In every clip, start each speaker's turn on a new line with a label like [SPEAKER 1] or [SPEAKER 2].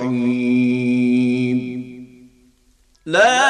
[SPEAKER 1] الرحيم لا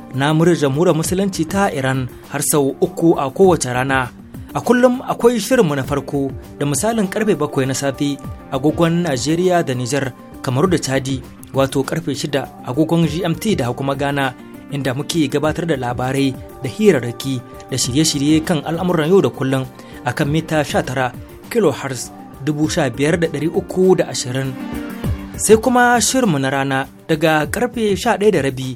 [SPEAKER 2] na murin jamhuriyar musulunci ta Iran har sau uku a kowace rana. A kullum akwai shirinmu na farko da misalin karfe bakwai na safe agogon Najeriya da Nijar kamaru da Chadi wato karfe shida agogon GMT da kuma Ghana inda muke gabatar da labarai da hirarraki da shirye-shirye kan al'amuran yau da kullum a kan mita 19 kilohertz ashirin sai kuma shirinmu na rana daga karfe 11 da rabi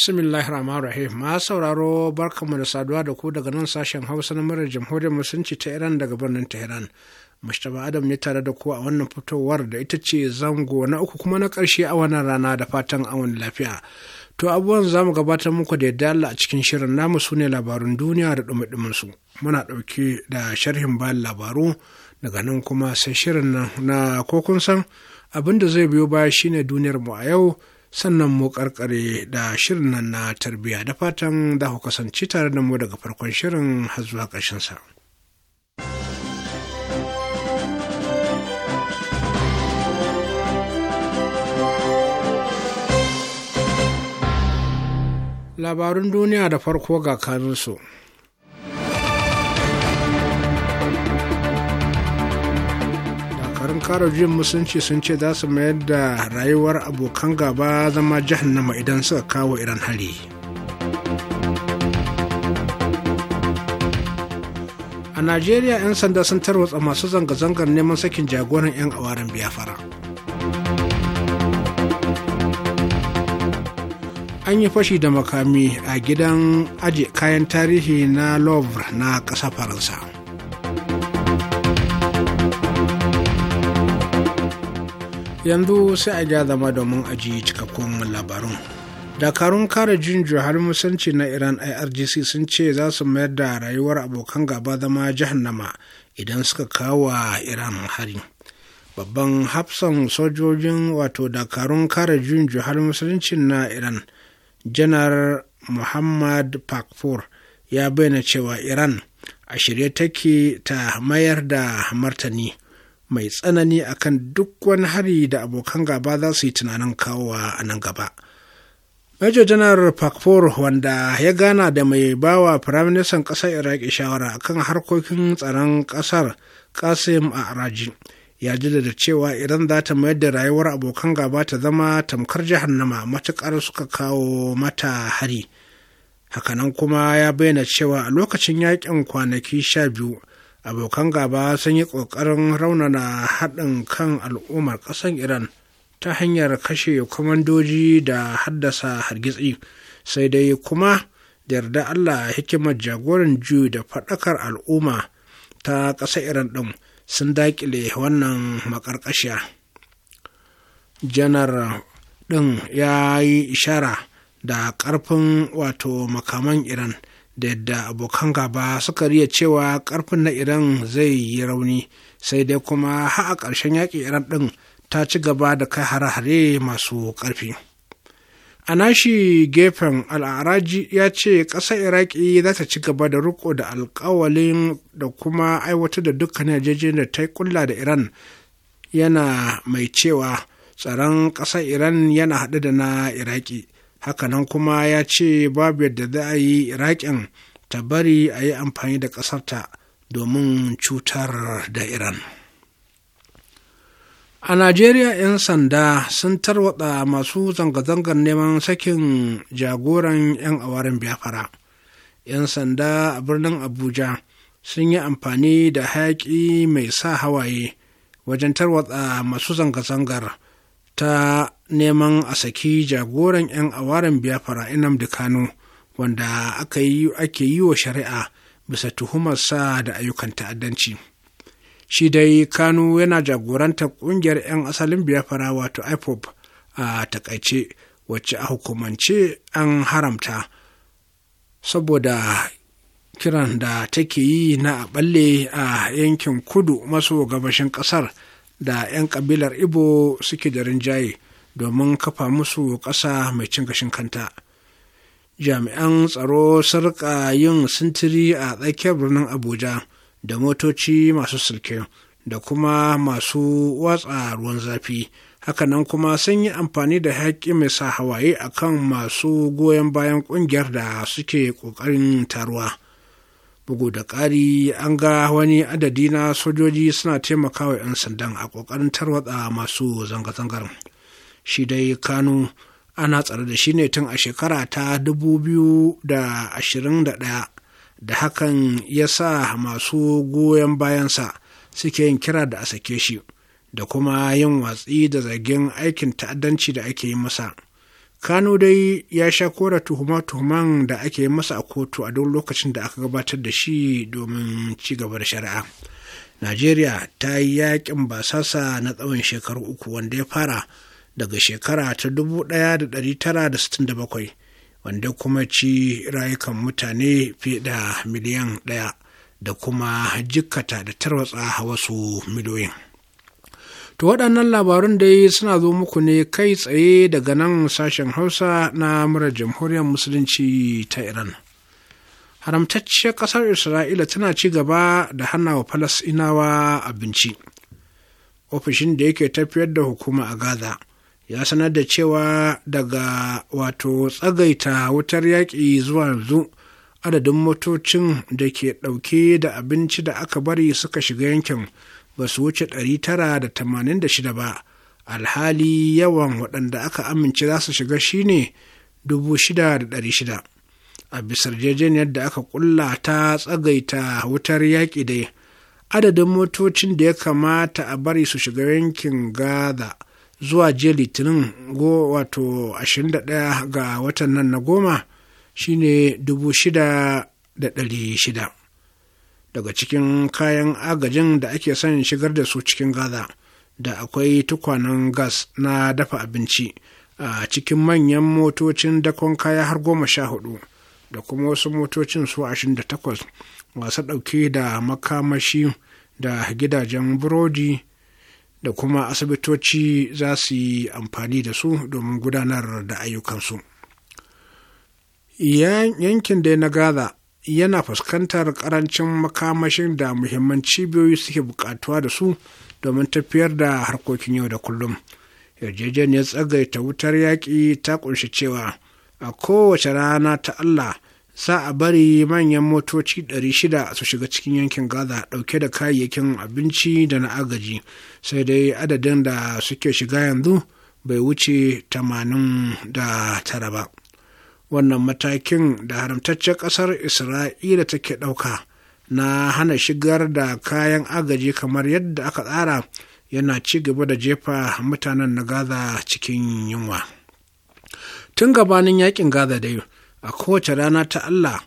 [SPEAKER 3] bismillahir rahmanir rahim ma sauraro barkanmu da saduwa da ku daga nan sashen hausa na murar jamhuriyar musulunci ta iran daga birnin tehran mustapha adam ne tare da ku a wannan fitowar da ita ce zango na uku kuma na karshe a wannan rana da fatan awon lafiya to abubuwan za mu gabatar muku da yadda Allah a cikin shirin namu su ne labarun duniya da ɗumɗuminsu su muna ɗauke da sharhin bayan labaru daga nan kuma sai shirin nan na ko kun san abin da zai biyo baya shine duniyar mu a yau sannan mu karkare da shirin nan na tarbiyya da fatan za ku kasance tare da mu daga farkon shirin har zuwa ƙarshen sa. Labarun duniya da farko ga kanunsu. kara jin musunci sun ce za su mayar da rayuwar abokan gaba zama jahannama idan suka kawo iran hari a najeriya 'yan sanda sun tarwatsa masu zanga-zangar neman sakin jagoran 'yan awaren biyafara an yi fashi da makami a gidan aji kayan tarihi na louvre na ƙasa faransa yanzu sai a gya zama domin ji cikakkun labarun dakarun kare jinjo har musanci na iran irgc sun ce za su mayar da rayuwar abokan gaba zama jahannama idan suka kawo iran hari babban hafsan sojojin wato dakarun kare jinjo har musanci na iran janar muhammad pakpor ya bayyana cewa iran a shirye take ta mayar da martani mai tsanani akan duk wani hari da abokan gaba za su yi tunanin kawowa a nan gaba. Major General Fakfor wanda ya gana da mai bawa Firaministan ƙasar Iraki shawara kan harkokin tsaron ƙasar a Araji ya da cewa idan za ta mayar da rayuwar abokan gaba ta zama tamkar jahannama matuƙar suka kawo mata hari. Hakanan kuma ya bayyana cewa a lokacin yaƙin kwanaki sha biyu abokan gaba sun yi ƙoƙarin raunana haɗin kan al'ummar ƙasar iran ta hanyar kashe kwamandoji da haddasa hargitsi sai dai kuma da yarda allah hikimar jagoran juyi da faɗakar al'umma ta ƙasar iran ɗin sun daƙile wannan maƙarƙashiya janar ɗin ya yi ishara da ƙarfin wato makaman iran da yadda abokan gaba suka riya cewa karfin na iran zai yi rauni sai dai kuma har a ƙarshen yaƙi iran ɗin ta ci gaba da kai hare-hare masu ƙarfi a nashi gefen al'araji ya ce ƙasar iraki za ta ci gaba da riko da alkawalin da kuma aiwatar da dukkan yarjejeniyar da ta kulla da iran yana mai cewa tsaron ƙasar iran yana haɗe da na iraki hakanan kuma ya ce babu yadda za a yi iraƙin ta bari a yi amfani da ƙasarta domin cutar da iran a najeriya 'yan sanda sun tarwatsa masu zanga-zangar neman sakin jagoran 'yan awarin biafra 'yan sanda a birnin abuja sun yi amfani da hayaƙi mai sa hawaye wajen tarwatsa masu zanga-zangar ta neman a saki jagoran 'yan awaran biyafara inam da kano wanda ake yi wa shari'a bisa tuhumarsa da ayyukan ta'addanci shi dai kano yana jagoranta ƙungiyar 'yan asalin biyafara wato ipop a takaice wacce a hukumance an haramta saboda kiran da take yi na a balle a yankin kudu maso gabashin ƙasar da 'yan kabilar ibo suke da rinjaye domin kafa musu ƙasa mai cin gashin kanta jami'an tsaro sarƙa yin sintiri a tsakiyar birnin abuja da motoci masu silke da kuma masu watsa ruwan zafi hakanan kuma sun yi amfani da haƙƙi mai sa hawaye akan masu goyon bayan ƙungiyar da suke ƙoƙarin taruwa. bugu da ƙari an ga wani adadi na sojoji suna taimakawa 'yan sandan a ƙoƙarin tarwatsa masu zanga-zangar shi dai kano ana tsare da shi ne tun a shekara ta 2021 da hakan ya sa masu goyon bayansa suke yin kira da a sake shi da kuma yin watsi da zagin aikin ta'addanci da ake yi masa. Kano dai ya sha kora tuhuma-tuhuman da ake masa a kotu a duk lokacin da aka gabatar da shi domin ci gaba da shari'a. Najeriya ta yi yakin basasa na tsawon shekaru uku wanda ya fara daga shekara ta 1967 wanda kuma ci rayukan mutane fiye da miliyan ɗaya da kuma jikkata da tarwatsa wasu miliyoyin. To waɗannan labarun dai suna zo muku ne kai tsaye daga nan sashen Hausa na murar jamhuriyar Musulunci ta Iran. Haramtacciyar ƙasar Isra'ila tana ci gaba da hana wa Falasɗinawa abinci. Ofishin da yake tafiyar da hukuma a Gaza ya sanar da cewa daga wato tsagaita wutar yaƙi zuwa yanzu adadin motocin da ke ɗauke da abinci da aka bari suka shiga yankin. ba su wuce 986 ba alhali yawan waɗanda aka amince za su shiga shine 6,600 a bisar jejeniyar da aka ƙulla ta tsagaita wutar yaƙi dai adadin motocin da ya kamata a bari su shiga yankin gaza zuwa jiya litinin go wato 21 ga watan nan na goma shine 6,600 daga cikin kayan agajin da ake son shigar da su cikin gaza da akwai tukwanen gas na dafa abinci a cikin manyan motocin dakon kaya har goma sha hudu da kuma wasu motocin su ashirin da takwas masu ɗauke da makamashi da gidajen burodi da kuma asibitoci za su yi amfani da su domin gudanar da ayyukansu yankin dai na gaza yana fuskantar karancin makamashin da muhimman cibiyoyi suke bukatuwa da su domin tafiyar da harkokin yau da kullum yarjejeniyar tsagaita wutar yaƙi ta kunshi cewa a kowace rana ta allah za a bari manyan motoci 600 su shiga cikin yankin gaza ɗauke da kayayyakin abinci da na agaji sai dai adadin da suke shiga yanzu bai wuce 89 ba wannan matakin da haramtaccen ƙasar isra'ila take ɗauka na hana shigar da kayan agaji kamar yadda aka tsara yana ci gaba da jefa mutanen na gaza cikin yunwa tun gabanin yakin gaza dai a kowace rana ta allah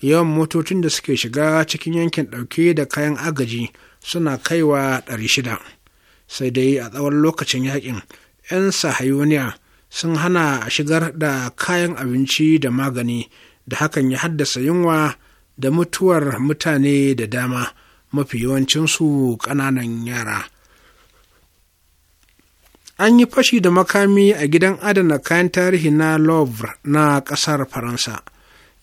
[SPEAKER 3] yawan motocin da suke shiga cikin yankin ɗauke da kayan agaji suna kaiwa 600 sai dai a tsawon lokacin yakin 'yan sahayuniya sun hana a shigar da kayan abinci da magani da hakan ya haddasa yunwa da mutuwar mutane da dama mafi yawancinsu ƙananan yara an yi fashi da makami a gidan adana kayan tarihi na louvre na ƙasar faransa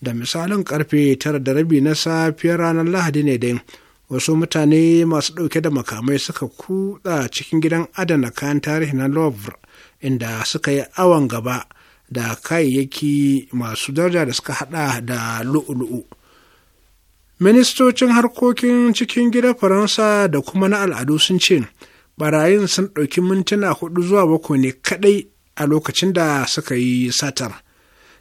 [SPEAKER 3] da misalin karfe tara da rabi na safiyar ranar lahadi ne dai wasu mutane masu ɗauke da makamai suka kuɗa cikin gidan adana kayan tarihi na louvre inda suka yi awon gaba da kayayyaki masu daraja da suka hada da lu'ulu'u. ministocin harkokin cikin gida faransa da kuma na al'adu sun ce barayin sun ɗauki mintuna hudu zuwa bakwai ne kaɗai a lokacin da suka yi satar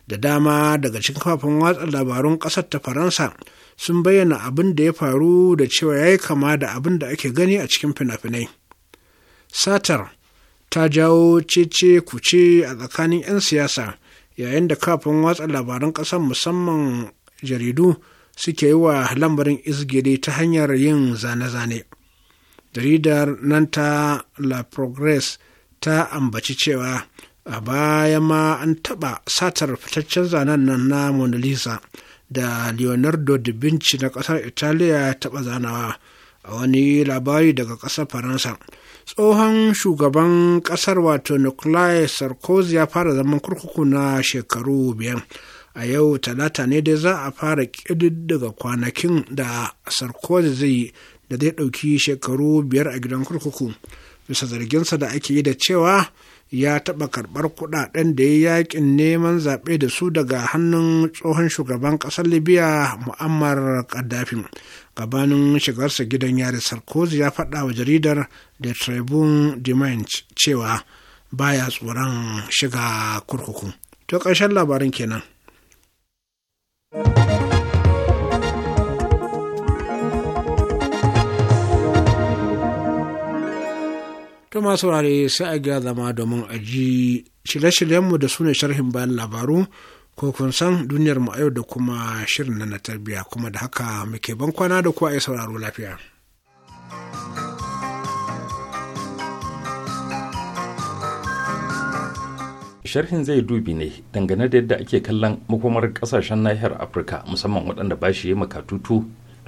[SPEAKER 3] da dama daga cikin kafafen watsa labarun ƙasar ta faransa sun bayyana abin da ya faru da cewa ya yi kama da abin da ake gani a cikin fina-finai satar ta jawo cece kuce a tsakanin 'yan siyasa yayin da kafin watsa labaran ƙasar musamman jaridu suke yi wa lambarin izgede ta hanyar yin zane-zane jaridar nan ta la progress ta ambaci cewa a baya ma an taɓa satar fitaccen zanen nan na mona lisa da leonardo da vinci na ƙasar italiya taɓa zanawa a wani labari daga ƙasar faransa tsohon shugaban kasar wato Nikolai sarkozy ya fara zaman kurkuku na shekaru biyar a yau talata ne dai za a fara ƙididdiga kwanakin da sarkozy zai da zai ɗauki shekaru biyar a gidan kurkuku bisa zarginsa da ake yi da cewa ya taɓa karɓar kuɗaɗen da ya yakin neman zaɓe da su daga hannun tsohon shugaban ƙasar libya mu'ammar gaddafi gabanin shigarsa gidan yari sarkozy ya faɗa wa jaridar the tribune dimanche cewa baya tsoron shiga kurkuku to ƙarshen labarin kenan To masu wurare sai a gaya zama domin ji shirye-shiryenmu da sune sharhin bayan labaru ko kun san duniyar mu a yau da kuma shirin na na tarbiyya kuma da haka muke ban kwana da kuwa a sauraro lafiya.
[SPEAKER 4] sharhin zai dubi ne dangane da yadda ake kallon makomar kasashen nahiyar afirka musamman waɗanda ba shi yi makatutu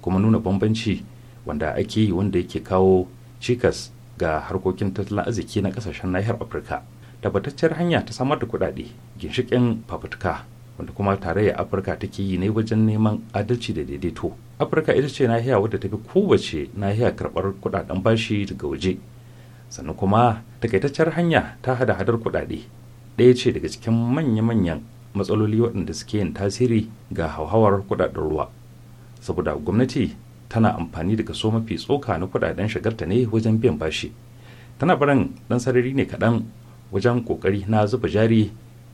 [SPEAKER 4] kuma nuna bambanci wanda ake yi wanda yake kawo cikas ga harkokin tattalin arziki na kasashen nahiyar afirka tabbatacciyar hanya ta samar da kuɗaɗe ginshiƙin fafutuka wanda kuma tarayyar afirka take yi ne wajen neman adalci da daidaito afirka ita ce nahiya wadda ta fi kowace nahiya karɓar kuɗaɗen bashi daga waje sannan kuma takaitacciyar hanya ta hada hadar kuɗaɗe ɗaya ce daga cikin manya-manyan matsaloli waɗanda suke yin tasiri ga hauhawar kuɗaɗen ruwa saboda gwamnati tana amfani da kaso mafi tsoka na kudaden shagarta ne wajen biyan bashi tana barin dan sarari ne kaɗan wajen kokari na zuba jari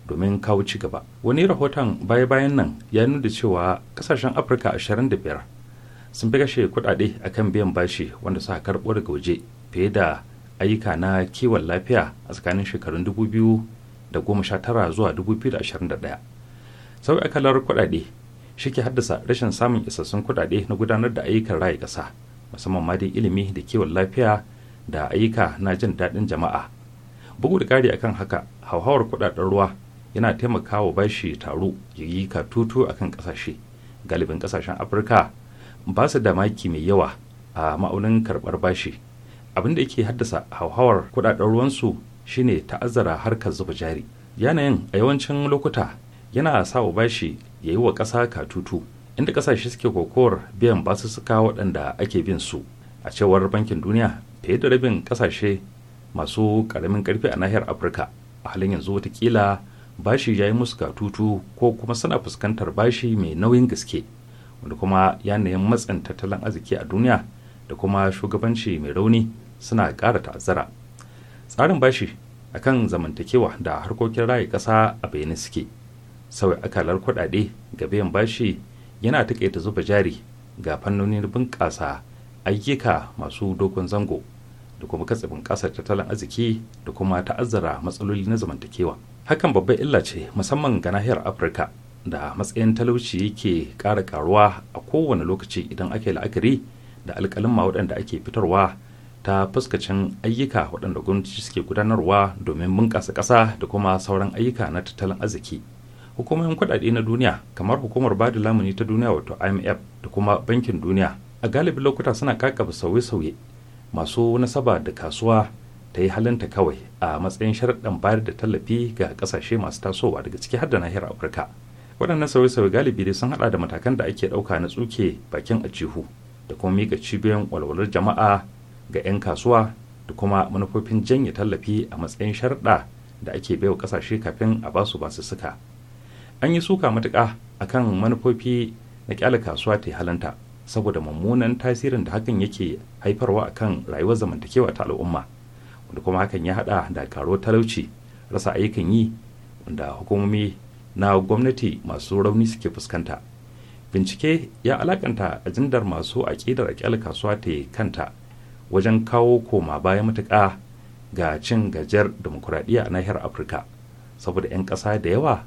[SPEAKER 4] domin kawo ci gaba wani rahoton baya-bayan nan ya nuna cewa kasashen afirka 25 sun fi kashe kudade akan biyan bashi wanda suka karɓo daga waje fiye da ayyuka na kiwon lafiya a tsakanin shekarun 2019 zuwa 2021 sauyi kudade shi ke haddasa rashin samun isassun kudade na gudanar da ayyukan raya ƙasa musamman ma dai ilimi da kiwon lafiya da ayyuka na jin daɗin jama'a bugu da ƙari akan haka hauhawar kudaden ruwa yana taimakawa bashi taro ya yi katutu akan ƙasashe galibin ƙasashen afirka ba su da maki mai yawa a ma'aunin karɓar bashi abin da yake haddasa hauhawar kudaden ruwansu shine ta'azzara harkar zuba jari yanayin a yawancin lokuta yana sa wa bashi ya yi wa ƙasa katutu inda ƙasashe suke kokowar biyan basussuka waɗanda ake bin su a cewar bankin duniya fiye da rabin ƙasashe masu ƙaramin ƙarfi a nahiyar afirka a halin yanzu watakila bashi ya yi musu katutu ko kuma suna fuskantar bashi mai nauyin gaske wanda kuma yanayin matsin tattalin arziki a duniya da kuma shugabanci mai rauni suna ƙara ta'azzara tsarin bashi akan zamantakewa da harkokin raye ƙasa a bayyane suke sauya akalar kuɗaɗe ga biyan bashi yana taƙaita zuba jari ga fannonin bunƙasa ayyuka masu dogon zango da kuma bunƙasa ƙasar tattalin arziki da kuma ta'azzara matsaloli na zamantakewa hakan babbar illa ce musamman ga nahiyar afirka da matsayin talauci yake ƙara karuwa a kowane lokaci idan aka yi la'akari da alƙalin waɗanda ake fitarwa ta fuskacin ayyuka waɗanda gwamnati suke gudanarwa domin bunƙasa ƙasa da kuma sauran ayyuka na tattalin arziki hukumomin kuɗaɗe na duniya kamar hukumar bada lamuni ta duniya wato imf da kuma bankin duniya a galibi lokuta suna kakaba sauye-sauye masu nasaba da kasuwa ta yi halinta kawai a matsayin sharaɗin bayar da tallafi ga kasashe masu tasowa daga ciki har da nahiyar afirka waɗannan sauye-sauye galibi dai sun haɗa da matakan da ake ɗauka na tsuke bakin a cihu da kuma miƙa cibiyoyin walwalar jama'a ga 'yan kasuwa da kuma manufofin janye tallafi a matsayin sharaɗa da ake baiwa kasashe kafin a basu basu suka an yi suka matuƙa kan manufofi na kyala kasuwa ta halanta saboda mummunan tasirin da hakan yake haifarwa a kan rayuwar zamantakewa ta al'umma wanda kuma hakan ya haɗa da karo talauci rasa ayyukan yi wanda hukumomi na gwamnati masu rauni suke fuskanta bincike ya alakanta ajindar masu aƙidar aƙyal kasuwa ta kanta wajen kawo koma baya matuƙa ga cin gajiyar demokuraɗiyya a nahiyar afirka saboda 'yan ƙasa da yawa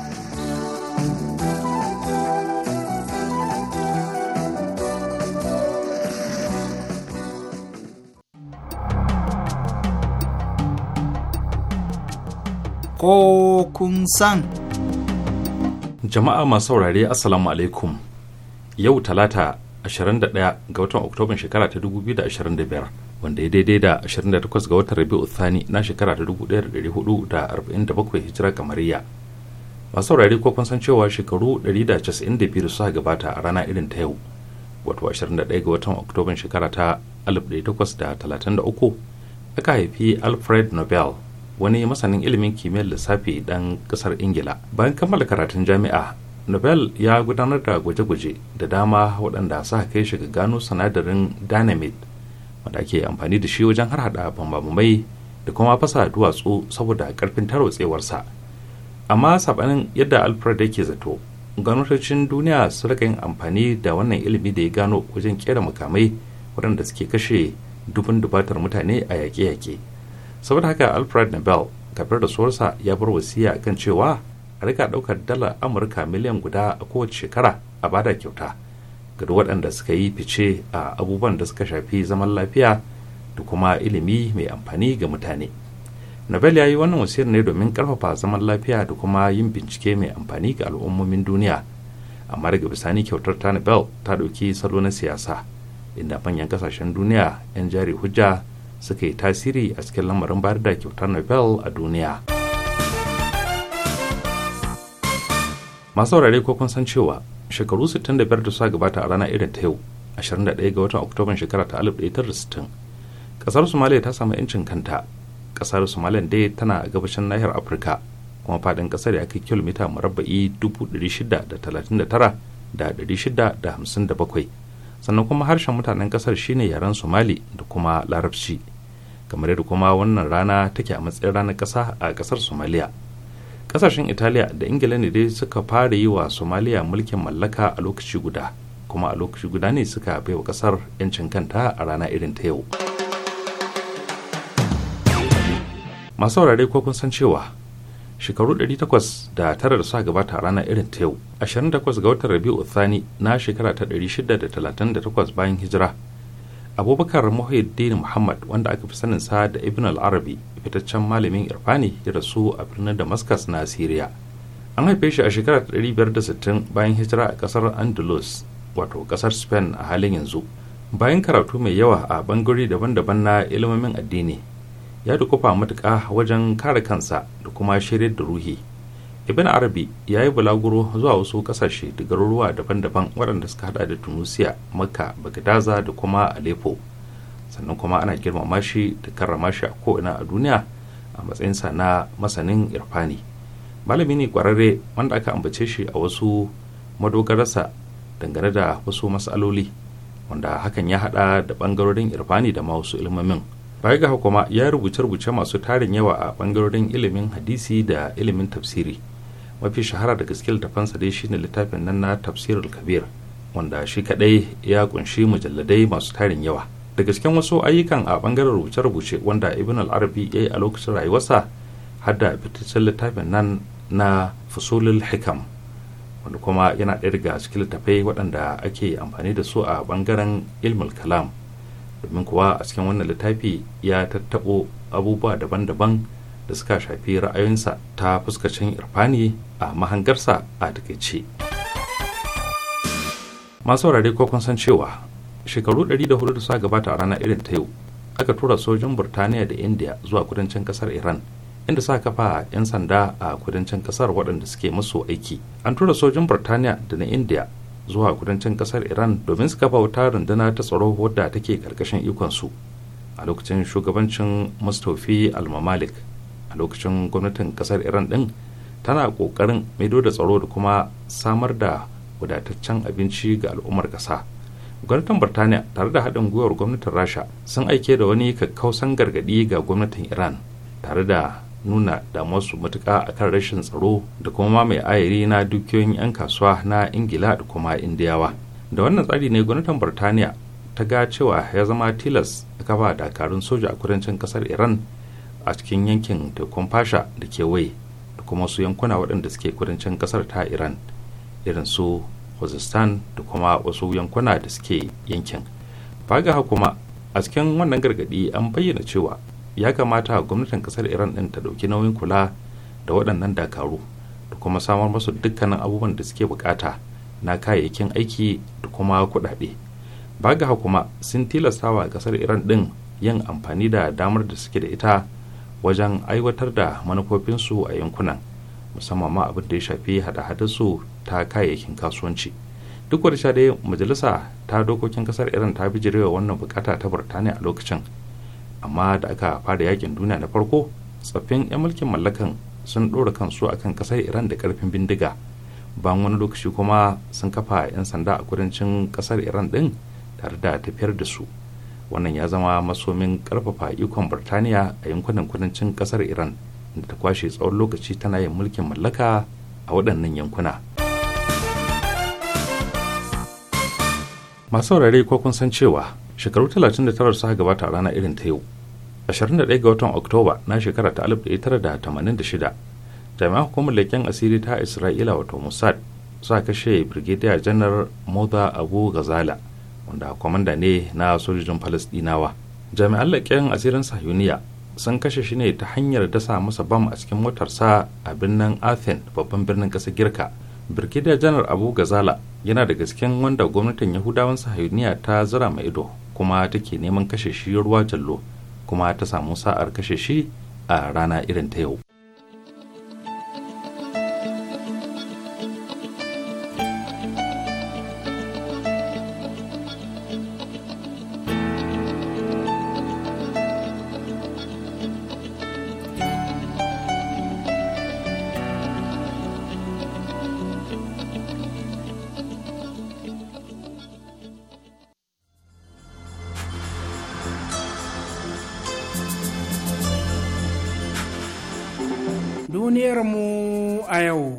[SPEAKER 2] ko kun san.
[SPEAKER 4] Jama'a masu saurare Assalamu alaikum. Yau Talata 21 ga watan Oktoban shekara ta 2025 wanda ya daidai da 28 ga watan Rabi'u Thani na shekara ta 1447 hijira kamariya. Masu saurare ko kun san cewa shekaru 192 da suka gabata a rana irin ta yau. Wato 21 ga watan Oktoban shekara ta 1833 aka haifi Alfred Nobel wani masanin ilimin kimiyyar lissafi dan kasar ingila bayan kammala karatun jami'a nobel ya gudanar da gwaje-gwaje da dama waɗanda sa kai shi ga gano sinadarin dynamite wanda ake amfani da shi wajen harhaɗa bambamai da kuma fasa duwatsu saboda karfin tarotsewarsa amma sabanin yadda alfred yake zato gwamnatocin duniya su rika yin amfani da wannan ilimi da ya gano wajen kera makamai waɗanda suke kashe dubin dubatar mutane a yaƙe-yaƙe saboda haka alfred nobel kafin rasuwarsa ya bar wasiya kan cewa a rika daukar dala amurka miliyan guda a kowace shekara a bada kyauta ga waɗanda suka yi fice a abubuwan da suka shafi zaman lafiya da kuma ilimi mai amfani ga mutane nobel ya yi wannan wasiyar ne domin karfafa zaman lafiya da kuma yin bincike mai amfani ga al'ummomin duniya amma daga bisani kyautar ta nobel ta ɗauki salo na siyasa inda manyan kasashen duniya 'yan jari hujja suka yi tasiri a cikin lamarin bayar da kyautar nobel a duniya masu saurare ko kun san cewa shekaru 65 da suka gabata a rana irin ta yau 21 ga watan oktoban shekara ta 1960 kasar somalia ta samu 'yancin kanta kasar somalia dai tana a gabashin nahiyar afirka kuma fadin kasar ya kai kilomita murabba'i 639,657 sannan kuma harshen mutanen kasar shine yaren somali da kuma larabci kamar yadda kuma wannan rana take a matsayin ranar kasa a kasar somaliya kasashen italiya da ingila ne dai suka fara yi wa somaliya mulkin mallaka a lokaci guda kuma a lokaci guda ne suka baiwa kasar 'yancin kanta a rana irin ta yau masu saurare ko kun san cewa shekaru 800 da tara da a gabata a ranar irin ta yau 28 ga watan rabi'u thani na shekara ta 638 bayan hijira abubakar muhyiddin muhammad wanda aka fi sanin sa da ibn al-arabi fitaccen malamin irfani ya rasu a birnin damascus na syria an haife shi a shekara ta 560 bayan hijira a kasar andalus wato kasar spain a halin yanzu bayan karatu mai yawa a bangare daban-daban na ilimomin addini ya dukufa matuƙa wajen kare kansa da kuma shirin da ruhi ibn arabi ya yi bulaguro zuwa wasu ƙasashe da garuruwa daban-daban waɗanda suka hada da tunisia makka bagdaza da kuma aleppo sannan kuma ana girmama shi da karrama shi a ko'ina a duniya a matsayinsa na masanin irfani malami ne kwararre wanda aka ambace shi a wasu madogararsa dangane da wasu matsaloli wanda hakan ya hada da bangarorin irfani da ma wasu ilmamin baya ga kuma ya rubuce-rubuce masu tarin yawa a bangarorin ilimin hadisi da ilimin tafsiri mafi shahara da gaske littafansa dai shine littafin nan na tafsirul kabir wanda shi kadai ya kunshi mujalladai masu tarin yawa da gasken wasu ayyukan a bangaren rubuce-rubuce wanda ibn al-arabi ya yi a lokacin rayuwarsa har da fitaccen littafin nan na fusulul hikam wanda kuma yana ɗaya daga cikin littafai waɗanda ake amfani da su a bangaren ilmul kalam domin kuwa a cikin wannan littafi ya tattaɓo abubuwa daban-daban da suka shafi ra'ayoyinsa ta fuskacin irfani a mahangarsa a takaice masu wurare ko kun san cewa shekaru 400 da suka gabata a rana irin ta yau aka tura sojin burtaniya da india zuwa kudancin kasar iran inda suka kafa 'yan sanda a kudancin kasar waɗanda suke musu aiki an tura sojin burtaniya da na india zuwa kudancin kasar iran domin su kafa wata runduna ta tsaro wadda take karkashin ikonsu a lokacin shugabancin mustafi almamalik a lokacin gwamnatin kasar iran din tana kokarin maido da tsaro da kuma samar da wadataccen abinci ga al'ummar kasa gwamnatin birtaniya tare da haɗin gwiwar gwamnatin rasha sun aike da wani kakkausan gargaɗi ga gwamnatin iran tare da nuna damuwarsu a kan rashin tsaro da kuma mai ayari na dukiyoyin 'yan kasuwa na ingila da kuma indiyawa da wannan tsari ne gwamnatin burtaniya ta ga cewa ya zama tilas a kafa dakarun soja a kudancin kasar iran a cikin yankin tekun fasha da kewaye da kuma su yankuna waɗanda suke kudancin kasar ta iran irin su khuzestan da kuma wasu yankuna da suke yankin baga kuma a cikin wannan gargaɗi an bayyana cewa ya kamata gwamnatin kasar iran din ta dauki nauyin kula da waɗannan dakaru da kuma samar masu dukkanin abubuwan da suke bukata na kayayyakin aiki da kuma kuɗaɗe baga kuma sun tilastawa kasar iran din yin amfani da damar da suke da ita wajen aiwatar da manufofinsu a yankunan musamman ma abin da ya shafi hada-hadarsu ta kayayyakin kasuwanci duk wadda dai majalisa ta dokokin kasar iran ta bijirewa wannan bukata ta burtaniya a lokacin amma da aka fara yakin duniya na farko tsaffin 'yan mulkin mallakan sun ɗora kansu a kan ƙasar iran da ƙarfin bindiga bayan wani lokaci kuma sun kafa 'yan sanda a kudancin ƙasar iran ɗin tare da tafiyar da su wannan ya zama masomin ƙarfafa ikon birtaniya a yankunan kudancin ƙasar iran da ta kwashe tsawon lokaci tana yin mulkin mallaka a waɗannan yankuna masu ko kun san cewa shekaru 39 suka gabata a rana irin ta yau 21 ga watan oktoba na shekara ta 1986 jami'an hukumar leken asiri ta isra'ila wato mossad suka kashe brigadier janar moda abu gazala wanda kwamanda ne na sojojin falasdinawa jami'an leken asirin sahuniya sun kashe shi ne ta hanyar dasa masa bam a cikin motarsa a birnin athen babban birnin ƙasar girka birkida janar abu gazala yana daga cikin wanda gwamnatin yahudawan sahayuniya ta zira mai ido kuma take neman kashe shi ruwa jallo kuma ta samu sa'ar kashe shi a rana irin ta yau
[SPEAKER 3] duniyarmu a yau.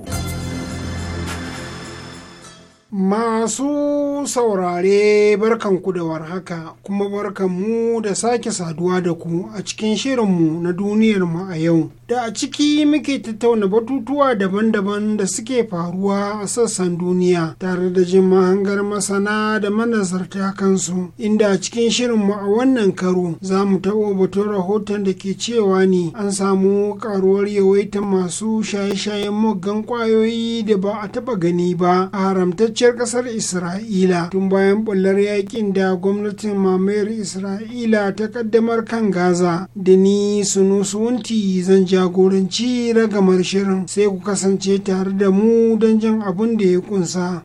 [SPEAKER 5] Masu saurare barkanku da warhaka kuma barkanmu da sake saduwa da ku a cikin shirinmu na duniyarmu a yau. Da a ciki muke tattauna batutuwa daban-daban da suke faruwa a sassan duniya tare da jin mahangar masana da manazarta kansu. Inda a cikin shirinmu a wannan karo za mu taɓo batun rahoton da ke cewa ne an samu karuwar yawaitar masu shaye-shayen muggan ƙwayoyi da ba a taɓa gani ba a haramtacce haramtacciyar kasar isra'ila tun bayan bullar yakin da gwamnatin mamayar isra'ila ta kaddamar kan gaza da ni sunusunti zan jagoranci ragamar shirin sai ku kasance tare da mu don jin abin da ya kunsa.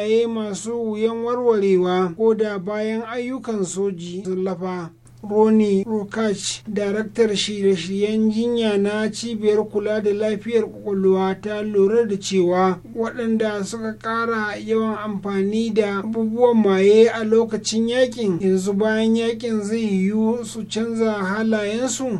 [SPEAKER 5] halaye masu wuyan warwarewa ko da bayan ayyukan soji sun lafa Roni Rukach, daraktar shirye-shiryen jinya na cibiyar kula da lafiyar kwakwalwa ta lura da cewa waɗanda suka ƙara yawan amfani da abubuwan maye a lokacin yakin yanzu bayan yakin zai yiwu su canza halayensu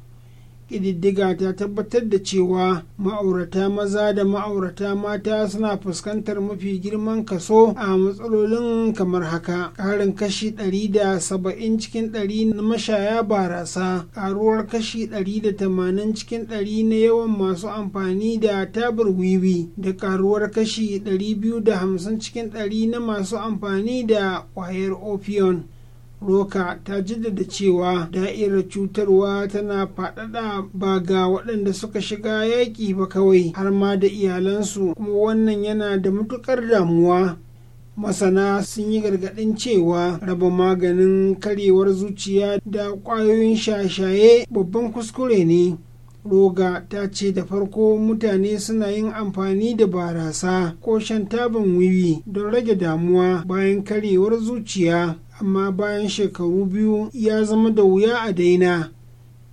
[SPEAKER 5] ƙididdiga ta tabbatar da cewa ma'aurata maza da ma'aurata mata suna fuskantar mafi girman kaso a matsalolin kamar haka ƙarin kashi ɗari da saba'in cikin ɗari na mashaya barasa ƙaruwar kashi ɗari da tamanin cikin ɗari na yawan masu amfani da tabar wiwi da ƙaruwar kashi ɗari biyu da hamsin cikin ɗari na masu amfani da ƙwayar opion roka ta jaddada cewa da'irar cutarwa tana faɗaɗa ba ga waɗanda suka shiga yaƙi ba kawai har ma da iyalansu kuma wannan yana da matuƙar damuwa masana sun yi gargaɗin cewa raba maganin karyewar zuciya da ƙwayoyin shashaye babban kuskure ne roga ta ce da farko mutane suna yin amfani da barasa ko shan tabin wiwi don rage damuwa bayan karewar zuciya amma bayan shekaru biyu ya zama da wuya a daina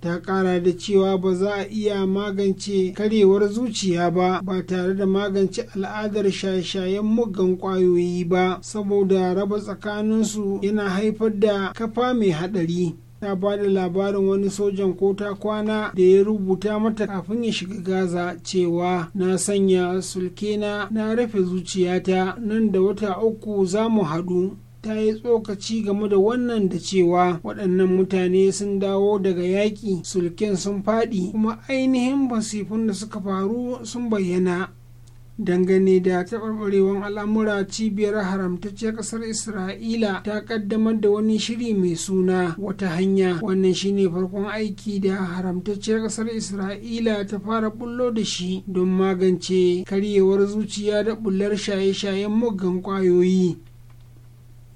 [SPEAKER 5] ta kara da cewa ba za a iya magance karewar zuciya ba ba tare da magance al'adar shaye-shayen muggan kwayoyi ba saboda raba tsakaninsu yana haifar da kafa mai haɗari ta ba da labarin wani sojan ko ta kwana da ya rubuta mata kafin ya shiga gaza cewa na sanya sulkena na rufe zuciyata nan da wata uku za mu haɗu ta yi tsokaci game da wannan da cewa waɗannan mutane sun dawo daga yaƙi sulken sun faɗi kuma ainihin basifun da suka faru sun bayyana dangane da taɓarɓarewar al'amura cibiyar haramtacciyar ƙasar isra'ila ta ƙaddamar da wani shiri mai suna wata hanya wannan shine farkon aiki da haramtacciyar ƙasar isra'ila ta fara bullo da shi don magance karyewar zuciya da bullar shaye-shayen muggan ƙwayoyi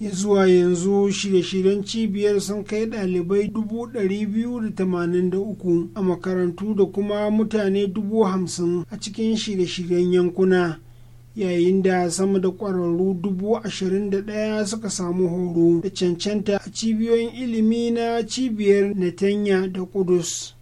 [SPEAKER 5] ya zuwa yanzu shirye-shiryen cibiyar sun kai ɗalibai 283 a makarantu da kuma mutane 50,000 a cikin shirye-shiryen yankuna yayin da sama da ƙwararru 21,000 suka samu horo da cancanta a cibiyoyin ilimi na cibiyar netanya da kudus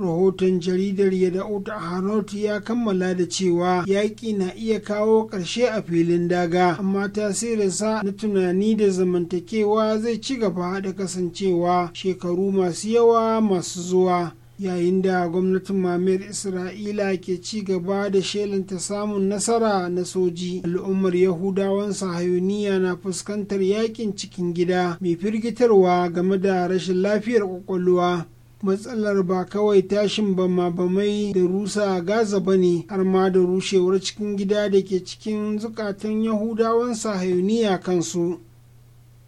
[SPEAKER 5] rahoton jaridar yadda hanot ya kammala da cewa yaƙi na iya kawo ƙarshe a filin daga amma tasirinsa na tunani da zamantakewa zai ci gaba da kasancewa shekaru masu yawa masu zuwa yayin da gwamnatin mamayar isra'ila ke ci gaba da shelanta samun nasara na soji al'ummar yahudawan sahayuniya na fuskantar yakin cikin gida mai firgitarwa game da rashin lafiyar kwakwalwa matsalar ba kawai tashin bama-bamai da rusa a gaza ba ne har ma da rushewar cikin gida da ke cikin zukatan yahudawan sahayuniya kansu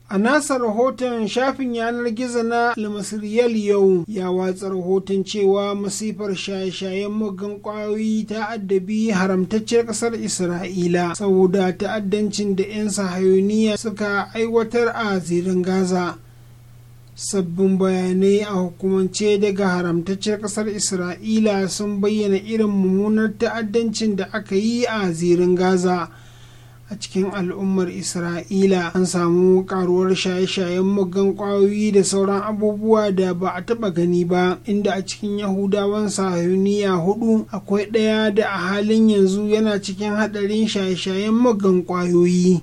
[SPEAKER 5] a nasa rahoton shafin yanar gizo na almasiriyal yau ya watsa rahoton cewa masifar shaye-shayen muggan kwayoyi ta addabi haramtacciyar kasar isra'ila saboda ta'addancin da 'yan sahayuniya suka aiwatar a zirin gaza sabbin bayanai a hukumance daga haramtacciyar ƙasar isra'ila sun bayyana irin mummunar ta'addancin da aka yi a zirin gaza a cikin al'ummar isra'ila an samu karuwar shaye-shayen muggan kwayoyi da sauran abubuwa da ba a taɓa gani ba inda a cikin yahudawan sahuniya hudu akwai ɗaya da a halin yanzu yana cikin haɗarin shaye-shayen muggan kwayoyi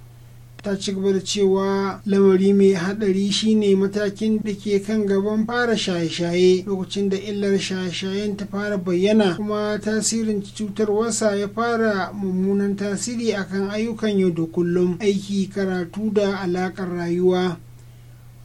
[SPEAKER 5] ta ci gaba da cewa lamari mai hadari shine matakin da ke kan gaban fara shaye-shaye lokacin da illar shaye-shayen ta fara bayyana kuma tasirin cutarwarsa ya fara mummunan tasiri akan ayyukan yau da kullum aiki karatu da alaƙar rayuwa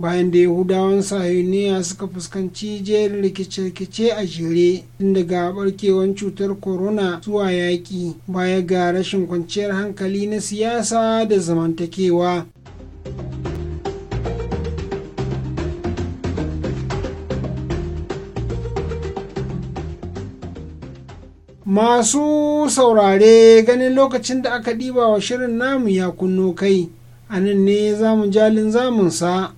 [SPEAKER 5] bayan da yahudawan sahiniya suka fuskanci jerin rikice-rikice a jere inda daga barkewan cutar corona zuwa yaƙi baya ga rashin kwanciyar hankali na siyasa da zamantakewa masu saurare ganin lokacin da aka ɗiba wa shirin namu ya kunno kai a nan ne zamu jalin zamunsa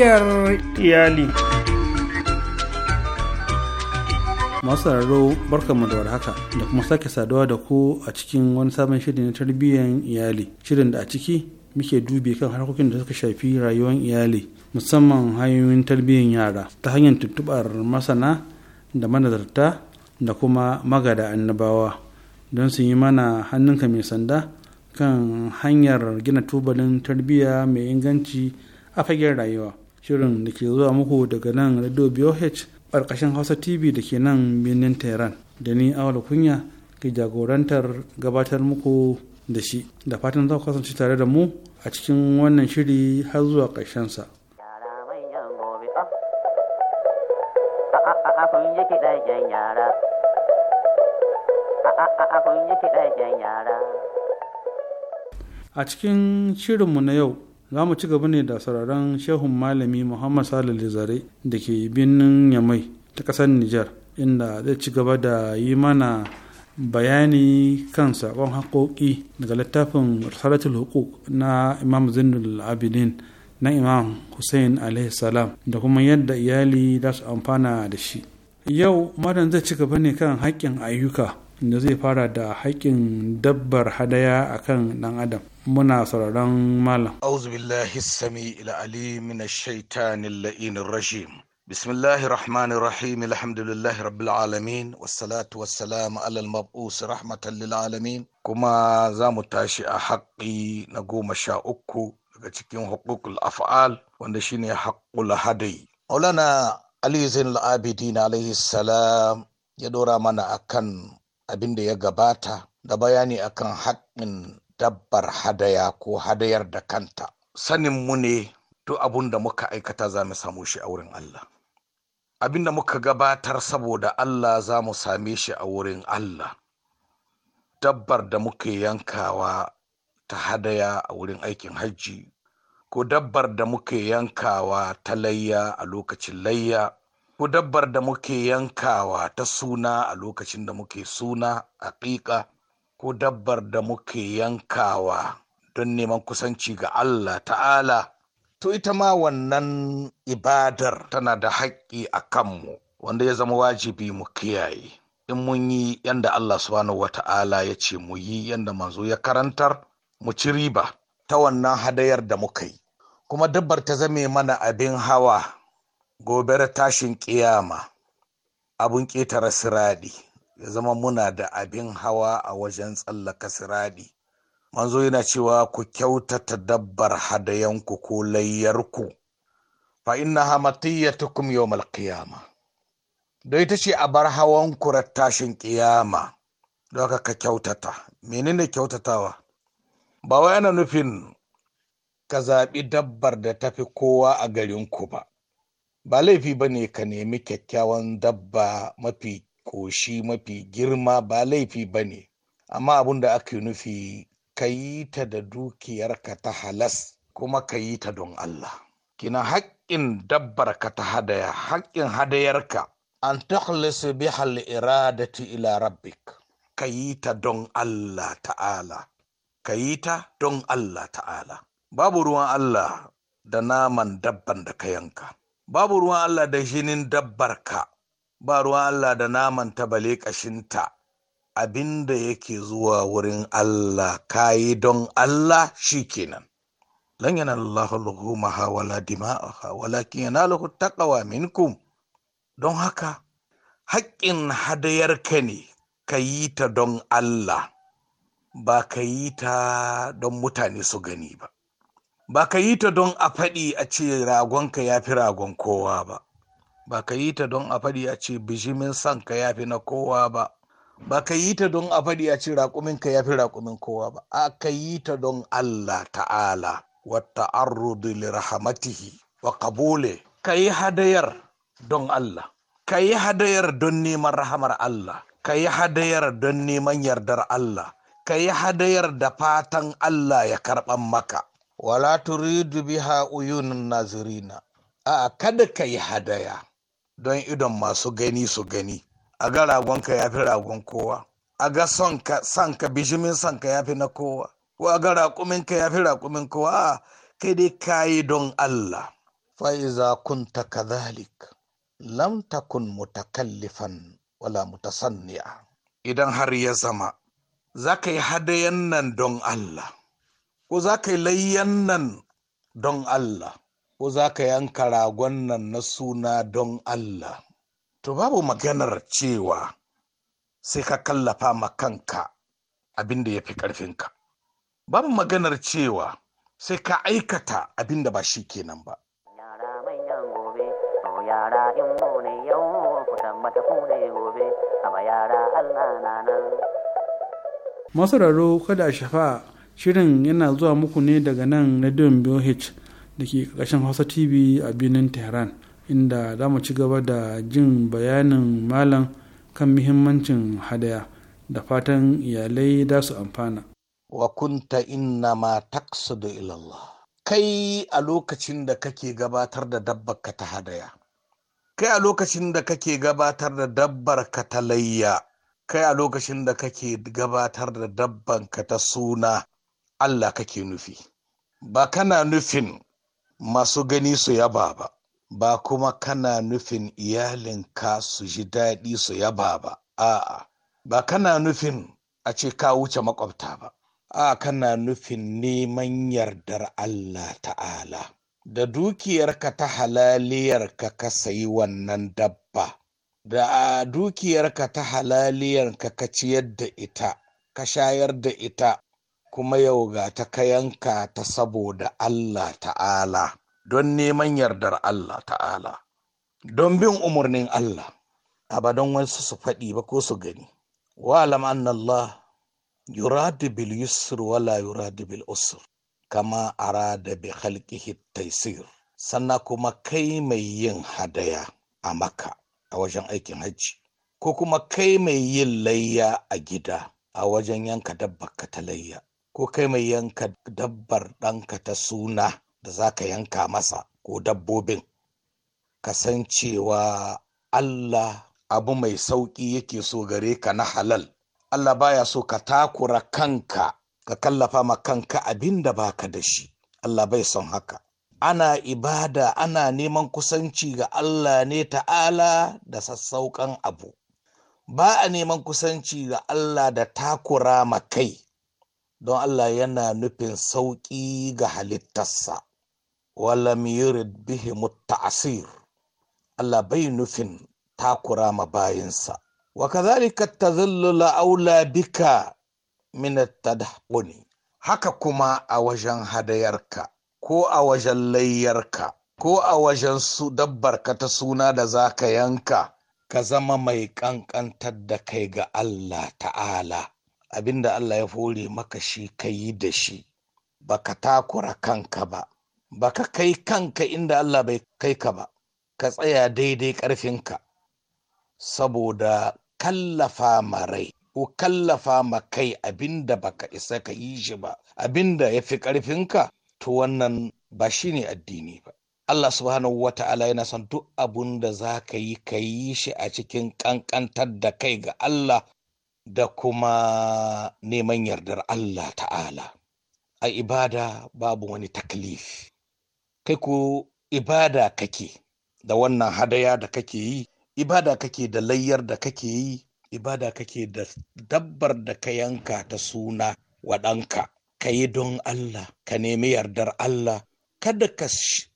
[SPEAKER 5] lafiyar iyali
[SPEAKER 6] barka barkanmu da warhaka da kuma sake saduwa da ku a cikin wani sabon shirin na tarbiyyar iyali shirin da a ciki muke dubi kan harkokin da suka shafi rayuwar iyali musamman hanyoyin tarbiyyar yara ta hanyar tuntubar masana da manazarta da kuma magada annabawa don su yi mana hannunka mai sanda kan hanyar gina tubalin tarbiyya mai inganci a fagen rayuwa shirin da ke zuwa muku daga nan radio boh ƙarƙashin hausa tv da ke nan birnin tehran da ni awala kunya ke jagorantar gabatar muku da shi da fatan za ku kasance tare da mu a cikin wannan shiri har zuwa ƙarshensa. a cikin shirinmu na yau za mu ci gaba ne da sauraron shehun malami muhammad salih zare da ke birnin yamai ta ƙasar nijar inda zai ci gaba da yi mana bayani kan sabon haƙoƙi daga littafin rasaratul hukuk na imam zindul abidin na imam hussein alaihi salam da kuma yadda iyali za su amfana da shi yau madan zai ci gaba ne kan haƙƙin ayyuka inda zai fara da haƙƙin dabbar hadaya akan ɗan adam muna sauraron malam
[SPEAKER 7] auzu billahi sami al'ali min shaitanin la'inin rashim bismillahi rahmani rahim alhamdulillahi rabbil alamin wassalatu wassalamu alal mab'us rahmatan lil alamin kuma za mu tashi a haƙƙi na goma sha uku daga cikin hukukul af'al wanda shine haƙƙul hadai maulana ali zainul abidin alaihi salam ya dora mana akan abin da ya gabata da bayani akan haƙƙin dabbar hadaya ko hadayar da kanta sanin mu ne duk abin da muka aikata za mu samu shi a wurin Allah abin da muka gabatar saboda Allah za mu same shi a wurin Allah dabbar da muke yankawa ta hadaya a wurin aikin hajji ko dabbar da muke yankawa ta layya a lokacin layya ko dabbar da muke yankawa ta suna a lokacin da muke suna aƙiƙa ko dabbar da muke yankawa don neman kusanci ga Allah ta'ala to ita ma wannan ibadar tana da haƙƙi a kanmu wanda ya zama wajibi mu kiyaye in mun yi yanda Allah subhanahu wa ta'ala ya ce mu yi yanda manzo ya karantar mu ci riba ta wannan hadayar da muka yi kuma dabbar ta zame mana abin hawa gobe tashin ƙiyama abun ƙetare siradi ya zama muna da abin hawa a wajen tsallaka siradi manzo yana cewa ku kyautata dabbar hadayanku ko layyarku fa inna hamatiyyatukum yawm alqiyama da ita ce a bar hawan kurar tashin ƙiyama don haka ka kyautata menene kyautatawa ba wai ana nufin ka zaɓi dabbar da tafi kowa a garinku ba ba laifi ba ne ka nemi kyakkyawan dabba mafi koshi mafi girma ba laifi ba ne amma abin da ake nufi ka yi ta da dukiyarka ta halas kuma ka yi ta don Allah kina haƙƙin dabbarka ta hadaya haƙƙin hadayarka an takhlisu bihal hal iradati ila rabbik ka yi ta don Allah ta'ala ka yi ta don Allah ta'ala babu ruwan Allah da naman dabban da ka yanka babu ruwan Allah da jinin dabbarka ba ruwan Allah da naman ta bale kashinta abin da yake zuwa wurin Allah kayi don Allah shi kenan. lan yanallahu luhumaha wala dima'aha walakin yanaluhu taqwa minkum don haka haƙƙin hadayarka ne ka yi ta don Allah ba ka yi ta don mutane su gani ba ba ka yi ta don a faɗi a ce ragonka ya fi ragon kowa ba ba ka yi ta don a faɗi a ce bijimin sanka ya fi na kowa ba ba ka yi ta don a faɗi a ce raƙuminka ya fi raƙumin kowa ba a ka yi ta don Allah ta'ala wata arrudu li rahmatihi wa kabule ka yi hadayar don Allah ka yi hadayar don neman rahamar Allah ka yi hadayar don neman yardar Allah ka yi hadayar da fatan Allah ya karɓan maka wala turidu biha uyunun nazirina a kada ka yi hadaya don idon masu gani su gani a ga ragonka ya fi ragon kowa a ga son ka bishimin sanka ya fi na kowa ko a ga raƙumin ya fi raƙumin kowa a kai dai kayi don Allah fa'iza kun kadhalik lam takun mutakallifan wala mutasanniya idan har ya zama za ka yi hadayan nan don Allah ko za ka yi layyan nan don Allah ko za ka yanka ragon nan na suna don Allah to babu maganar cewa sai ka kallafa ma kanka abin da ya fi ƙarfinka babu maganar cewa sai ka aikata abin da ba shi kenan ba yara ne
[SPEAKER 8] yau ku gobe a yara na
[SPEAKER 6] Masu raro kada shafa shirin yana zuwa muku ne daga nan radio boh da ke ƙarƙashin hausa tv a birnin tehran inda za mu ci gaba da jin bayanin malam kan muhimmancin hadaya da fatan iyalai da su amfana
[SPEAKER 7] wa kunta inna ma taqsidu ila Allah kai a lokacin da kake gabatar da dabbarka ta hadaya kai a lokacin da kake gabatar da dabbarka ta layya kai a lokacin da kake gabatar da dabbanka ta suna Allah kake nufi ba kana nufin masu gani su yaba ba ba kuma kana nufin iyalinka su ji daɗi su yaba ba a'a ba kana nufin a ce ka wuce makwabta ba a kana nufin neman yardar Allah ta'ala da dukiyarka ta halaliyarka ka sayi wannan dabba da dukiyarka ta halaliyarka ka ciyar da ita ka shayar da ita kuma yau ga ta ka yanka ta saboda Allah ta'ala don neman yardar Allah ta'ala don bin umarnin Allah abadan wasu su faɗi ba ko su gani wa'alam anna Allah yuradu bil yusr wala yuradu bil usr kama arada bi khalqihi taysir sannan kuma kai mai yin hadaya a maka a wajen aikin hajji ko kuma kai mai yin layya a gida a wajen yanka dabba ka ta layya ko kai mai yanka dabbar ɗanka ta suna da za ka yanka masa ko dabbobin cewa Allah abu mai sauƙi yake so gare ka na halal Allah baya so ka takura kanka ka kallafa ma kanka abin da baka da shi Allah bai son haka ana ibada ana neman kusanci ga Allah ne ta'ala da sassauƙan abu ba a neman kusanci ga Allah da takura ma kai don Allah yana nufin sauƙi ga halittarsa walam yurid bihi ta'asir Allah bai nufin takura ma bayinsa wa kadhalika tazallul aula bika min tadhquni haka kuma a wajen hadayarka ko a wajen layyarka ko a wajen su ka ta suna da zaka yanka ka zama mai ƙanƙantar da kai ga Allah ta'ala Abin da Allah ya fore maka shi ka yi da shi ba ka takura kanka ba ba ka kai kanka inda Allah bai kai ka ba ka tsaya daidai ƙarfinka saboda kallafa marai ko kallafa ma kai abinda baka isa ka yi shi ba Abin da ya fi ƙarfinka to wannan ba shi ne addini ba Allah subhanahu wa ta'ala yana son duk abun da za ka yi ka yi shi a cikin ƙanƙantar da kai ga Allah da kuma neman yardar Allah ta'ala a ibada babu wani taklif kai ko ibada kake da wannan hadaya da kake yi ibada kake da layyar da kake yi ibada kake da dabbar da ka yanka ta suna waɗanka ka yi don Allah ka nemi yardar Allah kada ka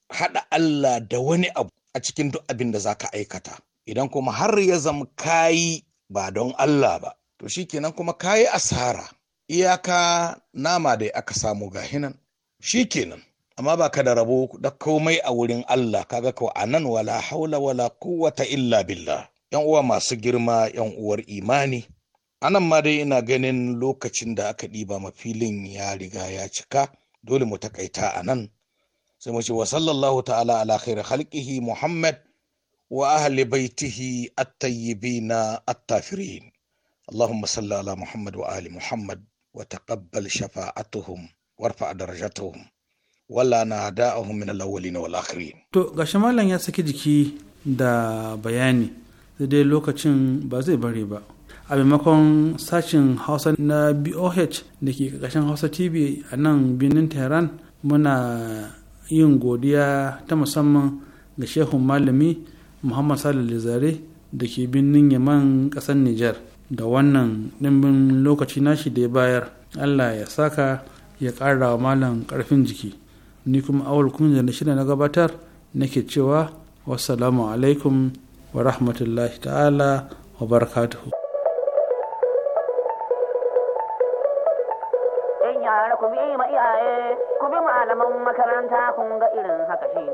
[SPEAKER 7] haɗa Allah da wani abu a cikin duk abin da za ka aikata idan kuma har ya zama kayi ba don Allah ba to shi kenan kuma kayi asara iyaka nama da aka samu gahinan. shi kenan amma ba ka da rabo da komai a wurin Allah kaga ko anan wala haula wala quwwata illa billah yan uwa masu girma yan uwar imani anan ma dai ina ganin lokacin da aka ɗiba ma filin ya riga ya cika dole mu takaita a nan sai mu ce wa sallallahu ta'ala ala khairi khalqihi muhammad wa ahli baitihi at tayyibina at-tafirin اللهم صل على محمد وآل محمد وتقبل شفاعتهم وارفع درجتهم ولا ناداءهم من الأولين والآخرين
[SPEAKER 6] to gashi malam ya saki jiki da bayani sai dai lokacin ba zai bari ba a maimakon sashin hausa na boh da ke ƙarƙashin hausa tv a nan birnin tehran muna yin godiya ta musamman ga shehun Mallami muhammad salih zare da ke birnin yaman ƙasar Nijar. da wannan ɗimbin lokaci nashi da ya bayar allah ya saka ya ƙara wa malam ƙarfin jiki ni kuma awal kuma da na na gabatar nake cewa wassalamu alaikum wa rahmatullahi ta'ala wa barakatuhu
[SPEAKER 8] ku bi ma iyaye ku bi malaman makaranta kun ga irin haka shi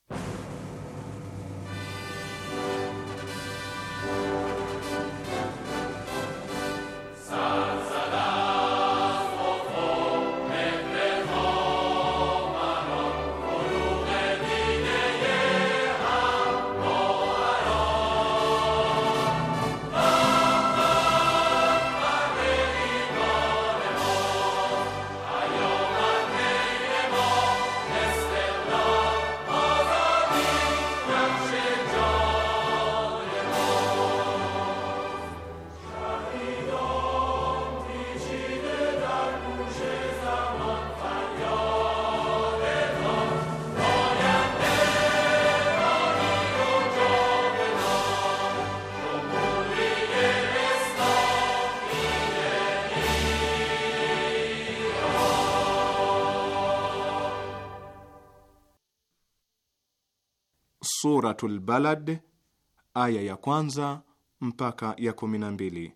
[SPEAKER 3] Suratul Balad aya ya kwanza mpaka ya kumi na mbili.